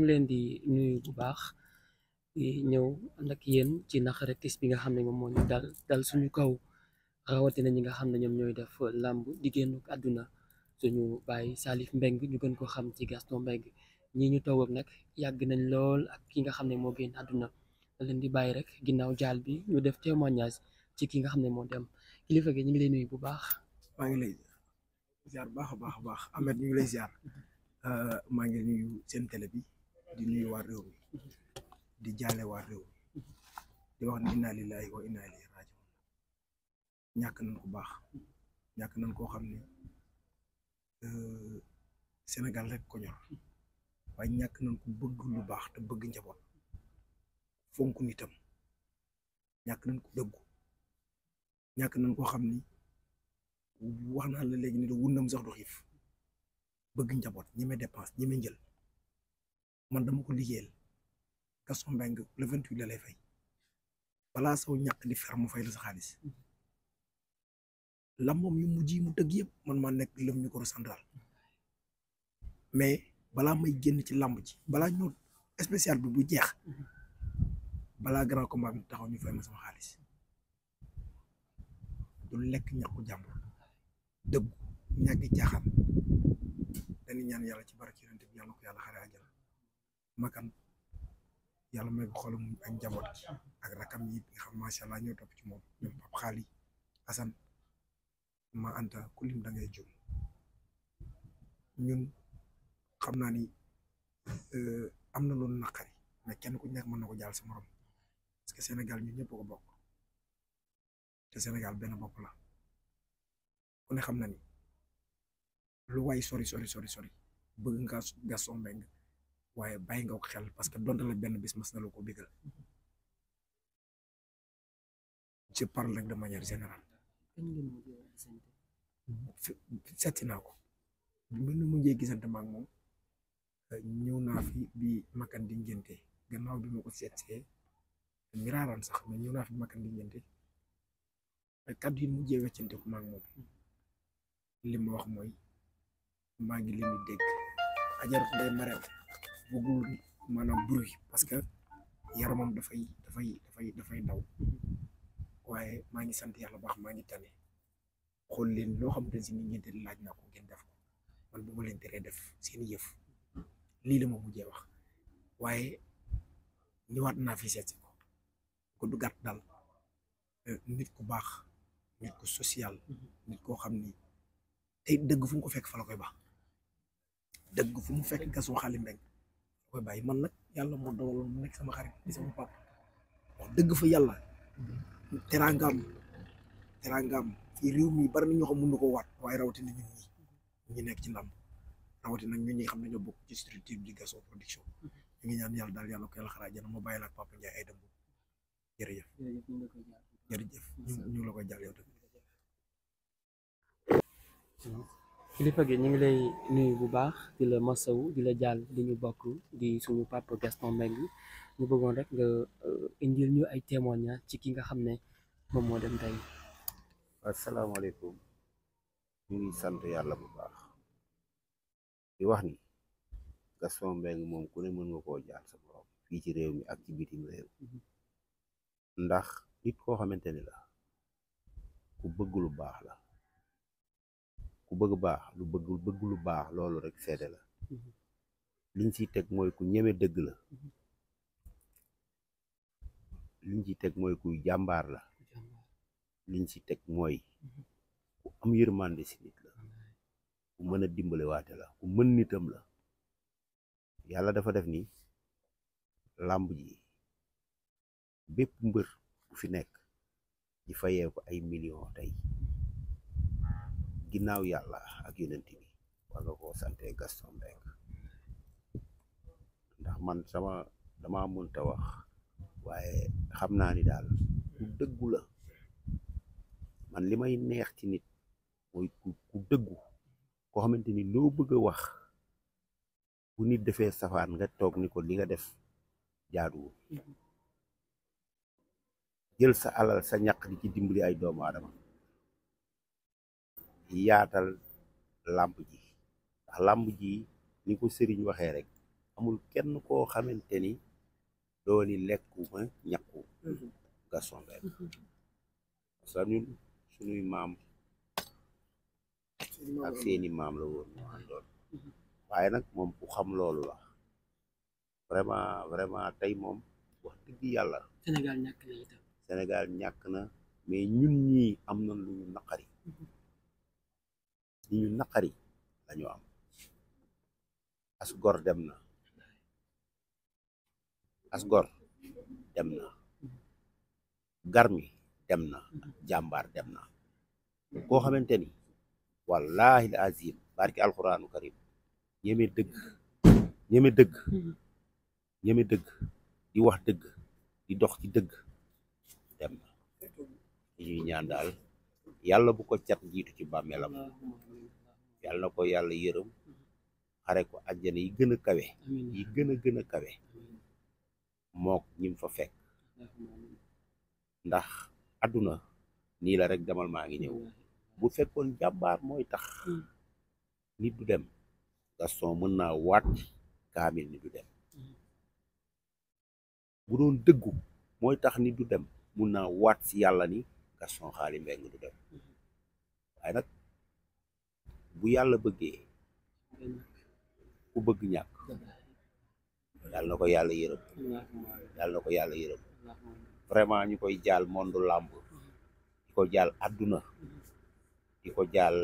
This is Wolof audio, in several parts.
ñu leen di nuyu bu baax ñëw nag ak yéen ci naqare bi nga xam ne moom moo ñu dal dal suñu kaw rawatina ñi nga xam ne ñoom ñooy def làmb di génn àdduna suñu bàyyi Salif Mbeng ñu gën ko xam ci Gaston Mbeng ñi ñu toog nag yàgg nañ lool ak ki nga xam ne moo génn àdduna da leen di bàyyi rek ginnaaw jaal bi ñu def témoignage ci ki nga xam ne moo dem kilifa gi ñu ngi lay nuyu bu baax. maa ngi lay ziar baax baax a baax Ahmed ñu ngi lay ziar mm-hmm. euh, maa ngi nuyu seen télé di nuyu waa réew mi di jaale waa réew di wax ne inna lillahi wa inna ilayhi rajiun ñàkk nañ ko baax ñàkk nañ koo xam ne euh, Sénégal rek ko ñor waaye ñàkk nañ ko bëgg lu baax te bëgg njaboot fonk nitam ñàkk nañ ko dëggu ñàkk nañ koo xam ni wax naa la léegi ne de wundam sax du xiif bëgg njaboot ñeme dépense ñeme njël man dama ko liggéeyal Gaston Mbengue le 28 la lay fay balaa saw ñàkk di fer fay la sa xaalis mm-hmm. lambam yu mujj yi mu tëgg yëpp man maa nekk lëm ñu ko central mais balaa may génn ci làmb ci balaa ñoo spécial bi bu jeex mm-hmm. balaa grand combat bi taxaw ñu fay ma sama xaalis du lekk ñàkku jàmbur dëggu ñàkki jaaxal dañu ñaan yàlla ci barke yonent bi yàlla ko yàlla xare àjjana makan yàlla may ko xolam ak rakam yi nga xam macha allah ñoo topp ci moom ñoom Pap Xaali Asan ma anta ku lim da ñun xam naa ni euh, am na loolu naqari mais kenn ku nekk mën na ko jaal sa morom parce que Sénégal ñun ñëpp ko bokk te Sénégal benn bopp la ku xam na ni lu waay sori sori sori bëgg nga Gaston Mbengue waaye bàyyi nga ko xel parce que donte la benn bis mas na la ko bégal je parle rek de manière générale. seeti naa ko. bu ñu mujjee gisante ma ak moom euh, ñëw naa fi bi makkan di ngénte gannaaw bi ma ko seetsee miraaraan sax mais ñëw naa fi makkan di ngénte kaddu yi mujjee weccante ko ma ak moom li ma wax mooy maa ngi leen di dégg ajar day marew bëggul maanaam bruit parce que yaramam dafay dafay dafay dafay daw waaye maa ngi sant yàlla baax maa ngi tane xool leen loo xamante ne si ni ñi laaj na ko gen def ko man bu ma leen teree def seen yëf lii la ma mujjee wax waaye ñëwaat naa fi seet si ko ko du gàtt daal euh, ku baax nit ku social nit koo xam ni tey dëgg fu mu ko fekk fa la koy baax dëgg fu mu fekk Gaston Xali koy bàyyi man nag yàlla moo dogaloon nekk sama xarit di sama papa wax dëgg fa yàlla terangam terangam fii réew mi bari na ñoo xam mënu ko waat waaye rawatina ñun ñi ñu nekk ci ndam rawatina ñun ñi xam ne ñoo bokk ci structure bi Gaston Production ñu ngi ñaan yàlla daal yàlla ko yàlla xaraa jana bàyyi la ak papa Ndiaye ay dem jërëjëf ñu ngi la koy jàll yow kilifa gi ñu ngi lay nuyu bu baax di la masawu di la jàll di ñu bokk di suñu papa Gaston Mbengue ñu bëggoon rek nga euh, indil ñu ay témoignage ci ki nga xam ne moom moo dem tey. asalaamaaleykum ñu ngi sant yàlla bu baax di wax ni Gaston Mbengue moom ku ne mën nga koo jàll sa borom fii ci réew mi ak ci bitim réew mhm. ndax nit koo xamante ni la ku bëgg lu baax la. bëgg baax lu bëgg lu baax loolu rek seede la mhm. liñ ciy teg mooy ku ñeme dëgg la mhm. liñ ciy teg mooy kuy jàmbaar la liñ ci teg mooy mhm. ku am yërmande ci nit la ku mën a dimbale waate la ku mën nitam la yàlla dafa def ni làmb ji bépp mbër bu fi nekk di fayeeku ay million tey ginnaaw yàlla ak yonent bi war nga koo sante Gaston Mbengue ndax man sama dama mënta wax waaye xam naa ni daal ku dëggu la man li may neex ci nit mooy ku dëggu koo xamante ni loo bëgg a wax ku nit defee safaan nga toog ni ko li nga def jaaduwul mm-hmm. jël sa alal sa ñaq di ci dimbuli ay doomu aadama yaatal làmb ji ndax làmb ji ni ko sëriñ waxee rek amul kenn koo xamante ni dooni lekkuma ñàkku mhm. Gaston Mbengue mhm. parce que maam ak seeni maam la woon mhm. waaye nag moom ku xam loolu la vraiment vraiment tey moom wax dëgg yàlla Sénégal ñàkk na mais ñun ñii am na lu ñu naqari li ñu naqari lañu am as gor dem na as dem na garmi dem na jàmbaar dem na koo xamante ni wallahi la azim barki alquranu karim ñeme dëgg ñeme dëgg ñeme di wax dëgg di dox ci dëgg dem na ñaan daal yàlla bu ko cat jiitu ci bàmmeelam yàlla na ko yàlla yërëm xare ko àjjana yi gën a kawe yi gën a gën a kawe mook ñim fa fekk ndax àdduna nii la rek demal maa ngi ñëw bu fekkoon jàmbaar mooy tax nit du dem Gaston mën naa waat kaamil ni du dem bu doon dëggu mooy tax nit du dem mun naa waat si yàlla ni Gaston Xaali Mbeng du dem waaye nag bu yàlla bëggee ku bëgg ñàkk yàlla na ko yàlla yërëm yàlla na ko yàlla yërëm vraiment ñu koy jaal monde làmb di ko jaal àdduna di ko jaal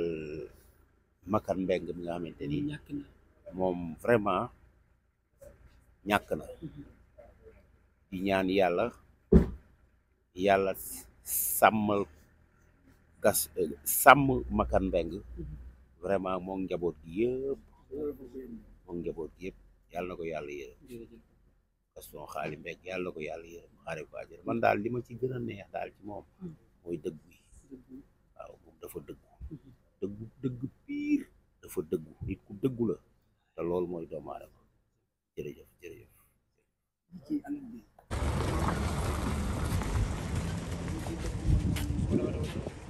makar mbeng mi nga xamante ni moom vraiment ñàkk na di ñaan yàlla yàlla sàmmal mbeng vraiment moom njaboot gi yëpp moom njaboot gi yëpp yàlla ko yàlla yërëm Gaston xaali Mbeek yàlla ko yàlla yërëm xaare ko àjjana man daal li ma ci gën a neex daal ci moom hmm. mooy dëggu yi waaw moom dafa dëggu hmm. dëgg piir dafa dëggu nit ku dëggu la te loolu mooy doomu aadama jërëjëf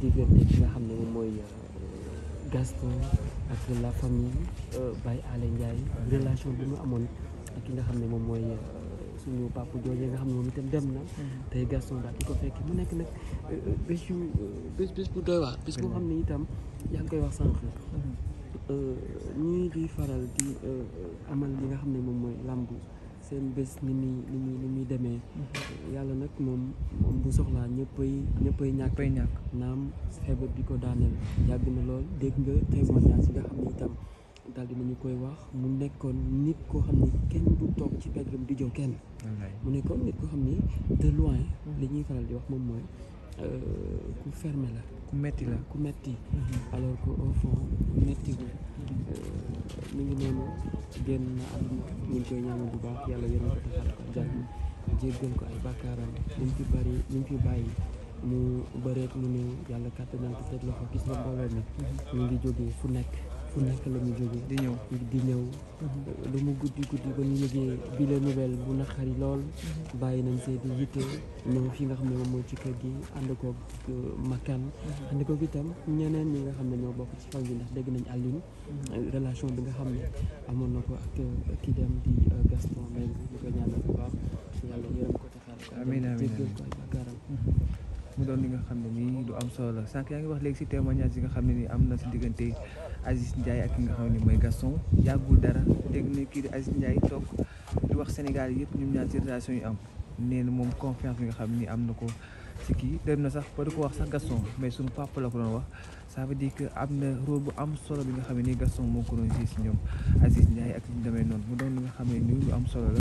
diggante ki nga xam ne moom mooy euh, Gaston ak la famille euh, Baye Alé Ndiaye relation bi mu amoon ak ki nga xam ne moom mooy euh, suñu papa jooju nga xam ne moom itam dem na. Mm-hmm. tey Gaston daal di ko fekk mu nekk nag bés yu bés bés bu doy waar. bés boo xam ne itam yaa ngi koy wax sànq. Mm-hmm. ñuy di faral di amal li nga xam ne moom mooy làmbu. seen bés ni muy ni muy demee mm-hmm. yàlla nag moom moom bu soxlaa ñëppay ñëppay ñàkk ñàkk naam feebar bi ko daaneel yàgg na lool dégg nga témoignage yi nga xam ne itam daal dinañu koy wax mu nekkoon nit koo xam ni kenn du toog ci peggam di jo kenn mu nekkoon nit koo xam ni de loin mm-hmm. li ñuy faral di wax moom mooy euh, ku fermé la ku metti la ku metti mm-hmm. alors que au fond mi ngi noonu génn na àdduna ñu ngi koy ñaanal bu baax yàlla yéen ko defal ko jàmm jéggal ko ay bàkkaaram ñu ngi fi bari ñu ngi fi bàyyi mu bëreet mu ne yàlla kàttanal ko teg loxo gis na mbooloo mi ñu ngi jógee fu nekk. fu nekk la ñu jógee di ñëw di ñëw lu mu guddi guddi ba ñu liggéey bi la nouvelle bu naqari lool mhm. bàyyi nañ seet di yitte ñëw fi nga xam ne moom mooy ci kër gi ànd koog euh, makkan mhm. ànd koog itam ñeneen ñi nga xam ne ñoo bokk ci fan nañ Aline mhm. relation nga xam ne amoon na ko ak euh, ki dem di euh, Gaston Mbengue ñu ko ñaanal bu baax ko taxaar ko amiin amiin jéggal ko doon li nga xam ne nii du am solo sànq yaa ngi wax léegi si témoignage yi nga xam ne nii am na si diggante Aziz Ndiaye ak ki nga xam ne mooy Gaston yàggul dara dégg na kii di Aziz Ndiaye toog di wax Sénégal yëpp ñun ñaar ci relation yu am nee na moom confiance bi nga xam ni am na ko ci kii dem na sax ba di ko wax sax Gaston mais suñu papa la ko doon wax ça veut dire que am na rôle bu am solo bi nga xam ne Gaston moo ko doon gis si ñoom Aziz Ndiaye ak li ñu demee noonu mu doon li nga xam ne nii lu am solo la.